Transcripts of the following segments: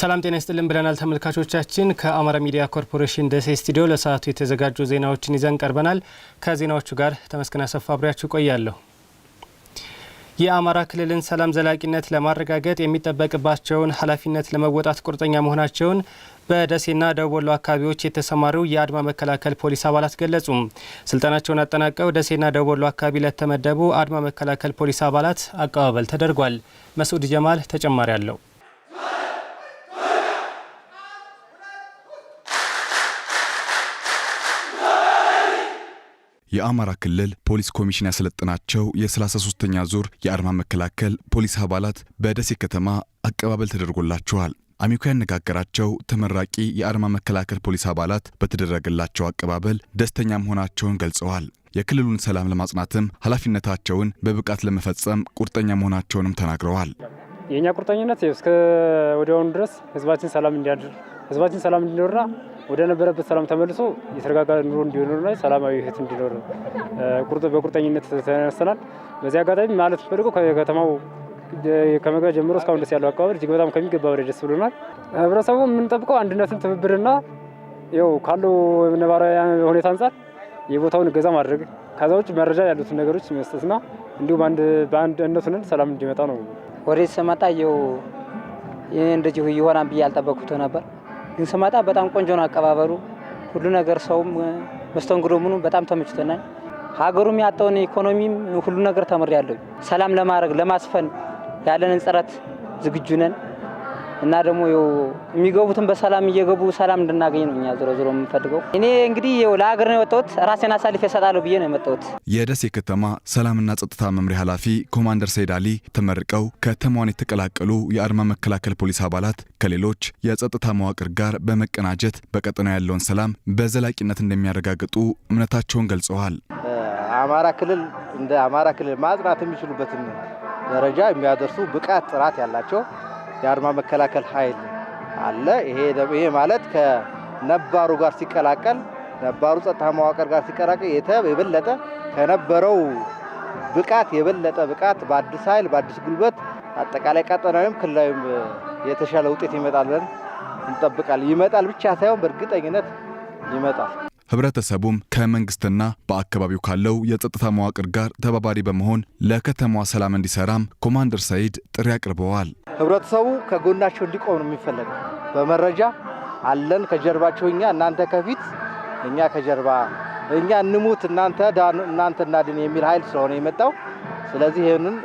ሰላም ጤና ይስጥልን ብለናል ተመልካቾቻችን። ከአማራ ሚዲያ ኮርፖሬሽን ደሴ ስቱዲዮ ለሰዓቱ የተዘጋጁ ዜናዎችን ይዘን ቀርበናል። ከዜናዎቹ ጋር ተመስገን አሰፋ አብሬያችሁ ቆያለሁ። የአማራ ክልልን ሰላም ዘላቂነት ለማረጋገጥ የሚጠበቅባቸውን ኃላፊነት ለመወጣት ቁርጠኛ መሆናቸውን በደሴና ደቡብ ወሎ አካባቢዎች የተሰማሩ የአድማ መከላከል ፖሊስ አባላት ገለጹም። ስልጠናቸውን አጠናቀው ደሴና ደቡብ ወሎ አካባቢ ለተመደቡ አድማ መከላከል ፖሊስ አባላት አቀባበል ተደርጓል። መስዑድ ጀማል ተጨማሪ አለው። የአማራ ክልል ፖሊስ ኮሚሽን ያሰለጠናቸው የ33ኛ ዙር የአድማ መከላከል ፖሊስ አባላት በደሴ ከተማ አቀባበል ተደርጎላቸዋል። አሚኮ ያነጋገራቸው ተመራቂ የአድማ መከላከል ፖሊስ አባላት በተደረገላቸው አቀባበል ደስተኛ መሆናቸውን ገልጸዋል። የክልሉን ሰላም ለማጽናትም ኃላፊነታቸውን በብቃት ለመፈጸም ቁርጠኛ መሆናቸውንም ተናግረዋል። የእኛ ቁርጠኝነት እስከ ወዲያውኑ ድረስ ህዝባችን ሰላም እንዲያድር ህዝባችን ሰላም እንዲኖርና ወደ ነበረበት ሰላም ተመልሶ የተረጋጋ ኑሮ እንዲኖርና ሰላማዊ ህይወት እንዲኖር በቁርጠኝነት ተነስተናል። በዚህ አጋጣሚ ማለት ፈልገው ከተማው ከመግቢያ ጀምሮ እስካሁን ደስ ያለው አቀባበል እጅግ በጣም ከሚገባ ወደ ደስ ብሎናል። ህብረተሰቡ የምንጠብቀው አንድነትን፣ ትብብርና ው ካለው ነባራዊ ሁኔታ አንጻር የቦታውን እገዛ ማድረግ ከዛ ውጭ መረጃ ያሉትን ነገሮች መስጠትና እንዲሁም በአንድነት ሰላም እንዲመጣ ነው። ወደ ስመጣ ው ይህ እንደዚሁ ይሆናል ብዬ አልጠበኩት ነበር። ግን ስመጣ በጣም ቆንጆ ነው አቀባበሉ፣ ሁሉ ነገር ሰውም መስተንግዶ ምኑ በጣም ተመችቶናል። ሀገሩም ያጣውን ኢኮኖሚም ሁሉ ነገር ተምሬያለሁ። ሰላም ለማድረግ ለማስፈን ያለንን ጥረት ዝግጁ ነን። እና ደግሞ የሚገቡትን በሰላም እየገቡ ሰላም እንድናገኝ ነው እኛ ዞሮ ዞሮ የምንፈልገው። እኔ እንግዲህ ለሀገር ነው የወጣሁት ራሴን አሳልፌ እሰጣለሁ ብዬ ነው የመጣሁት። የደሴ ከተማ ሰላምና ጸጥታ መምሪያ ኃላፊ ኮማንደር ሰይድ አሊ ተመርቀው ከተማዋን የተቀላቀሉ የአድማ መከላከል ፖሊስ አባላት ከሌሎች የጸጥታ መዋቅር ጋር በመቀናጀት በቀጠና ያለውን ሰላም በዘላቂነት እንደሚያረጋግጡ እምነታቸውን ገልጸዋል። አማራ ክልል እንደ አማራ ክልል ማጽናት የሚችሉበትን ደረጃ የሚያደርሱ ብቃት ጥራት ያላቸው የአድማ መከላከል ኃይል አለ። ይሄ ማለት ከነባሩ ጋር ሲቀላቀል ነባሩ ጸጥታ መዋቅር ጋር ሲቀላቀል የበለጠ ከነበረው ብቃት የበለጠ ብቃት በአዲስ ኃይል በአዲስ ጉልበት አጠቃላይ ቀጠናዊም ክልላዊም የተሻለ ውጤት ይመጣል ብለን እንጠብቃለን። ይመጣል ብቻ ሳይሆን በእርግጠኝነት ይመጣል። ህብረተሰቡም ከመንግስትና በአካባቢው ካለው የጸጥታ መዋቅር ጋር ተባባሪ በመሆን ለከተማዋ ሰላም እንዲሰራም ኮማንደር ሰይድ ጥሪ አቅርበዋል። ህብረተሰቡ ከጎናቸው እንዲቆም ነው የሚፈለገው። በመረጃ አለን፣ ከጀርባቸው እኛ፣ እናንተ ከፊት እኛ ከጀርባ፣ እኛ እንሙት እናንተ እናንተ እናድን የሚል ኃይል ስለሆነ የመጣው ስለዚህ ይህንን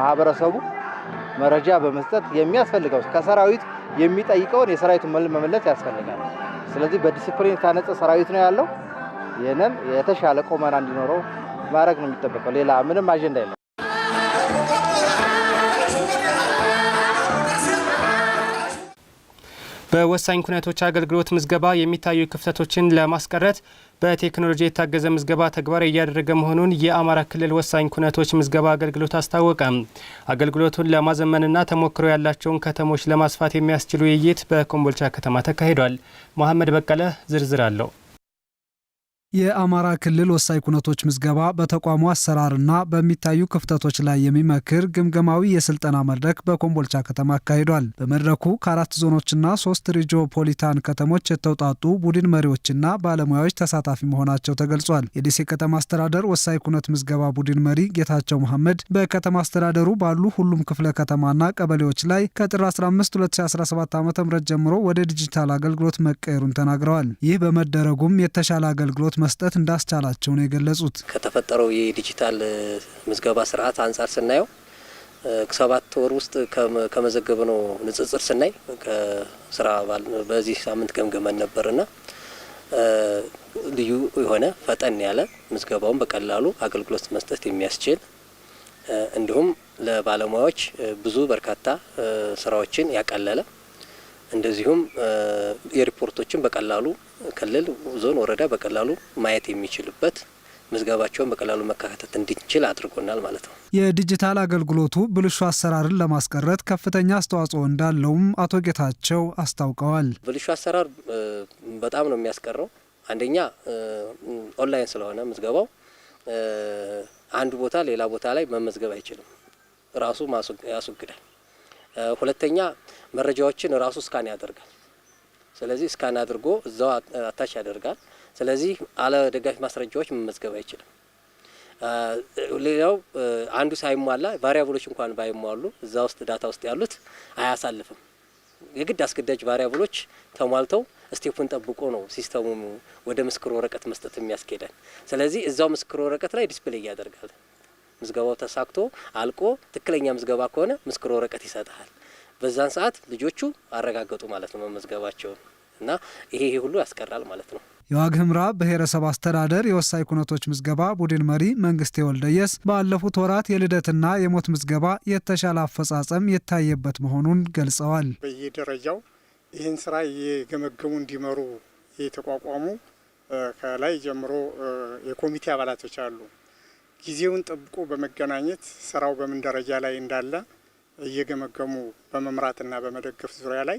ማህበረሰቡ መረጃ በመስጠት የሚያስፈልገው ከሰራዊት የሚጠይቀውን የሰራዊቱን መመለስ ያስፈልጋል። ስለዚህ በዲስፕሊን የታነጸ ሰራዊት ነው ያለው። ይህንን የተሻለ ቁመና እንዲኖረው ማድረግ ነው የሚጠበቀው። ሌላ ምንም አጀንዳ የለም። በወሳኝ ኩነቶች አገልግሎት ምዝገባ የሚታዩ ክፍተቶችን ለማስቀረት በቴክኖሎጂ የታገዘ ምዝገባ ተግባራዊ እያደረገ መሆኑን የአማራ ክልል ወሳኝ ኩነቶች ምዝገባ አገልግሎት አስታወቀ። አገልግሎቱን ለማዘመንና ተሞክሮ ያላቸውን ከተሞች ለማስፋት የሚያስችል ውይይት በኮምቦልቻ ከተማ ተካሂዷል። መሐመድ በቀለ ዝርዝር አለው። የአማራ ክልል ወሳኝ ኩነቶች ምዝገባ በተቋሙ አሰራርና በሚታዩ ክፍተቶች ላይ የሚመክር ግምገማዊ የስልጠና መድረክ በኮምቦልቻ ከተማ አካሂዷል። በመድረኩ ከአራት ዞኖችና ሶስት ሪጂኦፖሊታን ከተሞች የተውጣጡ ቡድን መሪዎችና ባለሙያዎች ተሳታፊ መሆናቸው ተገልጿል። የደሴ ከተማ አስተዳደር ወሳኝ ኩነት ምዝገባ ቡድን መሪ ጌታቸው መሐመድ በከተማ አስተዳደሩ ባሉ ሁሉም ክፍለ ከተማና ቀበሌዎች ላይ ከጥር 15 2017 ዓ.ም ጀምሮ ወደ ዲጂታል አገልግሎት መቀየሩን ተናግረዋል። ይህ በመደረጉም የተሻለ አገልግሎት መስጠት እንዳስቻላቸው ነው የገለጹት። ከተፈጠረው የዲጂታል ምዝገባ ስርዓት አንጻር ስናየው ሰባት ወር ውስጥ ከመዘገብ ነው ንጽጽር ስናይ ከስራ በዚህ ሳምንት ገምገመን ነበርና ልዩ የሆነ ፈጠን ያለ ምዝገባውን በቀላሉ አገልግሎት መስጠት የሚያስችል እንዲሁም ለባለሙያዎች ብዙ በርካታ ስራዎችን ያቀለለ እንደዚሁም የሪፖርቶችን በቀላሉ ክልል፣ ዞን፣ ወረዳ በቀላሉ ማየት የሚችልበት ምዝገባቸውን በቀላሉ መካተት እንዲችል አድርጎናል ማለት ነው። የዲጂታል አገልግሎቱ ብልሹ አሰራርን ለማስቀረት ከፍተኛ አስተዋጽኦ እንዳለውም አቶ ጌታቸው አስታውቀዋል። ብልሹ አሰራር በጣም ነው የሚያስቀረው። አንደኛ ኦንላይን ስለሆነ ምዝገባው አንድ ቦታ ሌላ ቦታ ላይ መመዝገብ አይችልም፣ ራሱ ያስወግዳል። ሁለተኛ መረጃዎችን ራሱ እስካን ያደርጋል ስለዚህ እስካን አድርጎ እዛው አታች ያደርጋል። ስለዚህ አለ ደጋፊ ማስረጃዎች መመዝገብ አይችልም። ሌላው አንዱ ሳይሟላ ቫሪያብሎች እንኳን ባይሟሉ እዛ ውስጥ ዳታ ውስጥ ያሉት አያሳልፍም። የግድ አስገዳጅ ቫሪያብሎች ተሟልተው ስቴፑን ጠብቆ ነው ሲስተሙ ወደ ምስክር ወረቀት መስጠት የሚያስኬደን። ስለዚህ እዛው ምስክር ወረቀት ላይ ዲስፕሌይ ያደርጋል። ምዝገባው ተሳክቶ አልቆ ትክክለኛ ምዝገባ ከሆነ ምስክር ወረቀት ይሰጥሃል። በዛን ሰዓት ልጆቹ አረጋገጡ ማለት ነው መመዝገባቸውን እና ይሄ ይሄ ሁሉ ያስቀራል ማለት ነው። የዋግ ህምራ ብሔረሰብ አስተዳደር የወሳኝ ኩነቶች ምዝገባ ቡድን መሪ መንግስቴ ወልደየስ ባለፉት ወራት የልደትና የሞት ምዝገባ የተሻለ አፈጻጸም የታየበት መሆኑን ገልጸዋል። በየደረጃው ይህን ስራ እየገመገሙ እንዲመሩ የተቋቋሙ ከላይ ጀምሮ የኮሚቴ አባላቶች አሉ። ጊዜውን ጠብቆ በመገናኘት ስራው በምን ደረጃ ላይ እንዳለ እየገመገሙ በመምራትና በመደገፍ ዙሪያ ላይ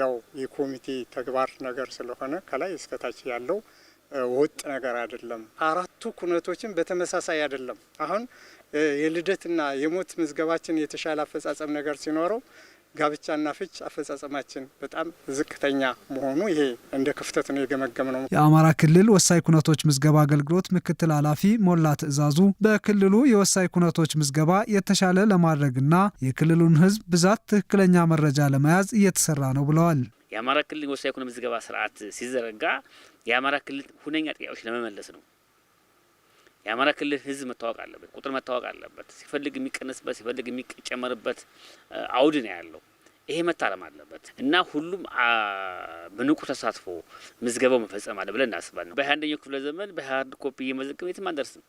ያው የኮሚቴ ተግባር ነገር ስለሆነ ከላይ እስከታች ያለው ወጥ ነገር አይደለም። አራቱ ኩነቶችን በተመሳሳይ አይደለም። አሁን የልደትና የሞት ምዝገባችን የተሻለ አፈጻጸም ነገር ሲኖረው ጋብቻና ፍች አፈጻጸማችን በጣም ዝቅተኛ መሆኑ ይሄ እንደ ክፍተት ነው የገመገም ነው። የአማራ ክልል ወሳኝ ኩነቶች ምዝገባ አገልግሎት ምክትል ኃላፊ ሞላ ትዕዛዙ በክልሉ የወሳኝ ኩነቶች ምዝገባ የተሻለ ለማድረግና የክልሉን ሕዝብ ብዛት ትክክለኛ መረጃ ለመያዝ እየተሰራ ነው ብለዋል። የአማራ ክልል የወሳኝ ኩነት ምዝገባ ስርዓት ሲዘረጋ የአማራ ክልል ሁነኛ ጥያቄዎች ለመመለስ ነው። የአማራ ክልል ህዝብ መታወቅ አለበት፣ ቁጥር መታወቅ አለበት። ሲፈልግ የሚቀነስበት ሲፈልግ የሚጨመርበት አውድ ነው ያለው። ይሄ መታረም አለበት እና ሁሉም በንቁ ተሳትፎ ምዝገባው መፈጸም አለ ብለን እናስባለን። በሃያ አንደኛው ክፍለ ዘመን በሀርድ ኮፒ እየመዘገብ የትም አንደርስም።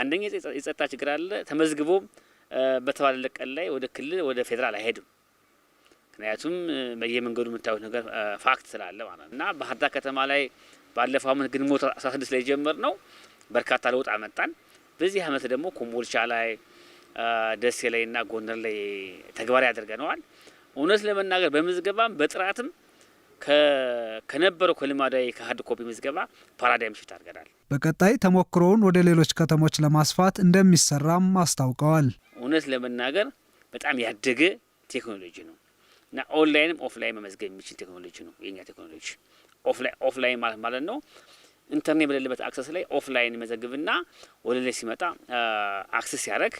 አንደኛ የጸጥታ ችግር አለ። ተመዝግቦ በተባለለት ቀን ላይ ወደ ክልል ወደ ፌዴራል አይሄድም። ምክንያቱም በየመንገዱ የምታዩት ነገር ፋክት ስላለ ማለት ነው እና ባህርዳር ከተማ ላይ ባለፈው አመት ግንቦት ስድስት ላይ ጀመር ነው በርካታ ለውጥ አመጣን። በዚህ አመት ደግሞ ኮምቦልቻ ላይ ደሴ ላይና ጎንደር ላይ ተግባራዊ አድርገነዋል። እውነት ለመናገር በምዝገባም በጥራትም ከነበረው ከልማዳዊ ከሀርድ ኮፒ ምዝገባ ፓራዳይም ሽፍት አድርገናል። በቀጣይ ተሞክሮውን ወደ ሌሎች ከተሞች ለማስፋት እንደሚሰራም አስታውቀዋል። እውነት ለመናገር በጣም ያደገ ቴክኖሎጂ ነው እና ኦንላይንም ኦፍላይን መመዝገብ የሚችል ቴክኖሎጂ ነው የኛ ቴክኖሎጂ ኦፍላይን ማለት ማለት ነው ኢንተርኔት በሌለበት አክሰስ ላይ ኦፍላይን ይመዘግብና ወደ ላይ ሲመጣ አክሰስ ያደረግ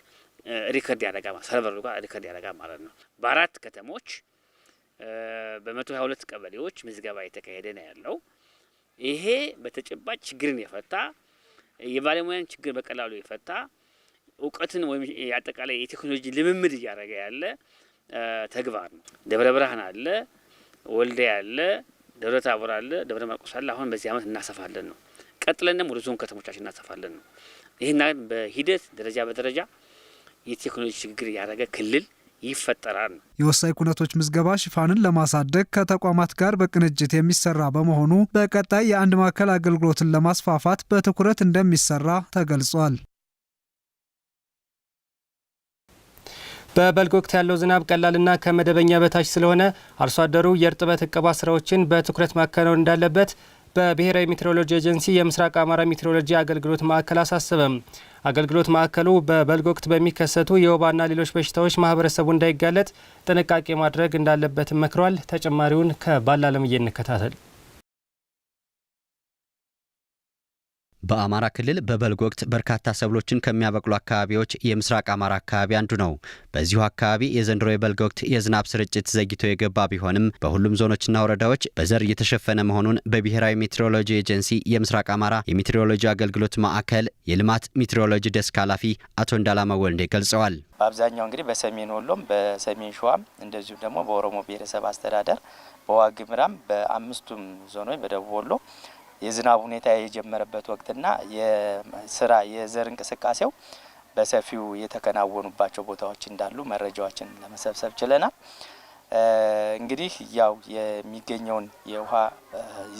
ሪከርድ ያደረጋ ሰርቨሩ ጋር ሪከርድ ያደረጋ ማለት ነው። በአራት ከተሞች በመቶ ሀያ ሁለት ቀበሌዎች ምዝገባ የተካሄደ ነው ያለው። ይሄ በተጨባጭ ችግርን የፈታ የባለሙያን ችግር በቀላሉ የፈታ እውቀትን ወይም አጠቃላይ የቴክኖሎጂ ልምምድ እያደረገ ያለ ተግባር ነው። ደብረ ብርሃን አለ፣ ወልዳ አለ ደብረ ታቦር አለ፣ ደብረ ማርቆስ አለ። አሁን በዚህ አመት እናሰፋለን ነው። ቀጥለን ደግሞ ወደ ዞን ከተሞቻችን እናሰፋለን ነው። ይህና በሂደት ደረጃ በደረጃ የቴክኖሎጂ ሽግግር ያደረገ ክልል ይፈጠራል። የወሳኝ ኩነቶች ምዝገባ ሽፋንን ለማሳደግ ከተቋማት ጋር በቅንጅት የሚሰራ በመሆኑ በቀጣይ የአንድ ማዕከል አገልግሎትን ለማስፋፋት በትኩረት እንደሚሰራ ተገልጿል። በበልግ ወቅት ያለው ዝናብ ቀላልና ከመደበኛ በታች ስለሆነ አርሶ አደሩ የእርጥበት እቀባ ስራዎችን በትኩረት ማከናወን እንዳለበት በብሔራዊ ሜትሮሎጂ ኤጀንሲ የምስራቅ አማራ ሜትሮሎጂ አገልግሎት ማዕከል አሳሰበም። አገልግሎት ማዕከሉ በበልግ ወቅት በሚከሰቱ የወባና ሌሎች በሽታዎች ማህበረሰቡ እንዳይጋለጥ ጥንቃቄ ማድረግ እንዳለበት መክሯል። ተጨማሪውን ከባላለም እየንከታተል በአማራ ክልል በበልግ ወቅት በርካታ ሰብሎችን ከሚያበቅሉ አካባቢዎች የምስራቅ አማራ አካባቢ አንዱ ነው። በዚሁ አካባቢ የዘንድሮ የበልግ ወቅት የዝናብ ስርጭት ዘግይቶ የገባ ቢሆንም በሁሉም ዞኖችና ወረዳዎች በዘር እየተሸፈነ መሆኑን በብሔራዊ ሜትሮሎጂ ኤጀንሲ የምስራቅ አማራ የሜትሮሎጂ አገልግሎት ማዕከል የልማት ሜትሮሎጂ ደስክ ኃላፊ አቶ እንዳላማ ወልዴ ገልጸዋል። በአብዛኛው እንግዲህ በሰሜን ወሎም በሰሜን ሸዋም እንደዚሁም ደግሞ በኦሮሞ ብሔረሰብ አስተዳደር በዋግምራም በአምስቱም ዞኖች በደቡብ ወሎ የዝናብ ሁኔታ የጀመረበት ወቅትና የስራ የዘር እንቅስቃሴው በሰፊው የተከናወኑባቸው ቦታዎች እንዳሉ መረጃዎችን ለመሰብሰብ ችለናል። እንግዲህ ያው የሚገኘውን የውሃ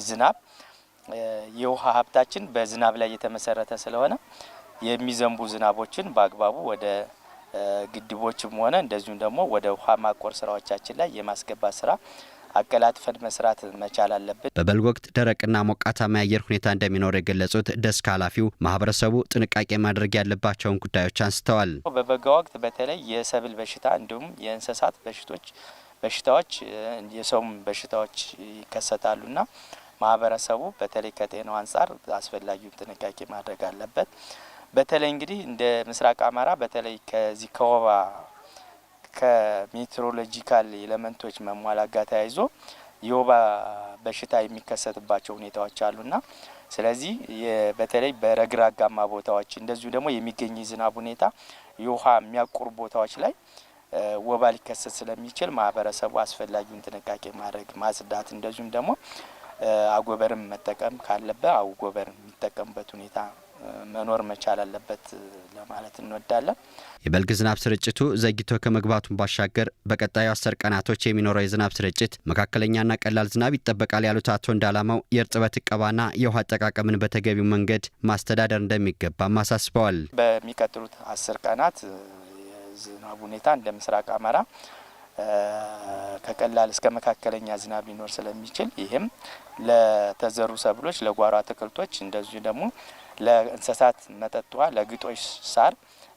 ዝናብ የውሃ ሀብታችን በዝናብ ላይ የተመሰረተ ስለሆነ የሚዘንቡ ዝናቦችን በአግባቡ ወደ ግድቦችም ሆነ እንደዚሁም ደግሞ ወደ ውሃ ማቆር ስራዎቻችን ላይ የማስገባት ስራ አቀላጥፈን መስራት መቻል አለብን። በበልግ ወቅት ደረቅና ሞቃታማ የአየር ሁኔታ እንደሚኖር የገለጹት ደስክ ኃላፊው ማህበረሰቡ ጥንቃቄ ማድረግ ያለባቸውን ጉዳዮች አንስተዋል። በበጋ ወቅት በተለይ የሰብል በሽታ እንዲሁም የእንስሳት በሽቶች በሽታዎች የሰውም በሽታዎች ይከሰታሉና ማህበረሰቡ በተለይ ከጤናው አንጻር አስፈላጊውን ጥንቃቄ ማድረግ አለበት። በተለይ እንግዲህ እንደ ምስራቅ አማራ በተለይ ከዚህ ከወባ ከሜትሮሎጂካል ኤለመንቶች መሟላት ጋር ተያይዞ የወባ በሽታ የሚከሰትባቸው ሁኔታዎች አሉና ስለዚህ በተለይ በረግራጋማ ቦታዎች እንደዚሁ ደግሞ የሚገኝ ዝናብ ሁኔታ የውሃ የሚያቁር ቦታዎች ላይ ወባ ሊከሰት ስለሚችል ማህበረሰቡ አስፈላጊውን ጥንቃቄ ማድረግ ማጽዳት፣ እንደዚሁም ደግሞ አጎበርን መጠቀም ካለበት አጎበር የሚጠቀምበት ሁኔታ ነው። መኖር መቻል አለበት ለማለት እንወዳለን። የበልግ ዝናብ ስርጭቱ ዘግይቶ ከመግባቱን ባሻገር በቀጣዩ አስር ቀናቶች የሚኖረው የዝናብ ስርጭት መካከለኛና ቀላል ዝናብ ይጠበቃል ያሉት አቶ እንዳላማው የእርጥበት እቀባና የውሃ አጠቃቀምን በተገቢው መንገድ ማስተዳደር እንደሚገባም አሳስበዋል። በሚቀጥሉት አስር ቀናት የዝናብ ሁኔታ እንደ ምስራቅ አማራ ከቀላል እስከ መካከለኛ ዝናብ ሊኖር ስለሚችል ይህም ለተዘሩ ሰብሎች፣ ለጓሮ አትክልቶች እንደዚሁ ደግሞ ለእንስሳት መጠጥ ውሃ፣ ለግጦሽ ሳር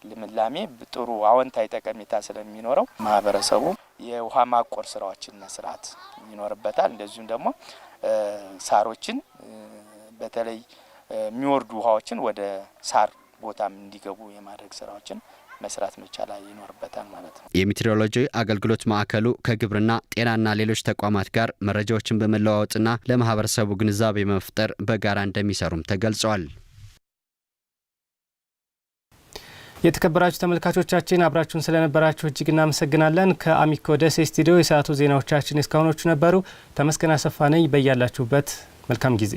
ልምላሜ ጥሩ አዎንታዊ ጠቀሜታ ስለሚኖረው ማህበረሰቡ የውሃ ማቆር ስራዎችን መስራት ይኖርበታል። እንደዚሁም ደግሞ ሳሮችን በተለይ የሚወርዱ ውሃዎችን ወደ ሳር ቦታም እንዲገቡ የማድረግ ስራዎችን መስራት መቻል ይኖርበታል ማለት ነው። የሜትሮሎጂ አገልግሎት ማዕከሉ ከግብርና ጤናና ሌሎች ተቋማት ጋር መረጃዎችን በመለዋወጥና ለማህበረሰቡ ግንዛቤ መፍጠር በጋራ እንደሚሰሩም ተገልጿል። የተከበራችሁ ተመልካቾቻችን አብራችሁን ስለነበራችሁ እጅግ እናመሰግናለን። ከአሚኮ ደሴ ስቱዲዮ የሰዓቱ ዜናዎቻችን እስካሁኖቹ ነበሩ። ተመስገን አሰፋ ነኝ። በያላችሁበት መልካም ጊዜ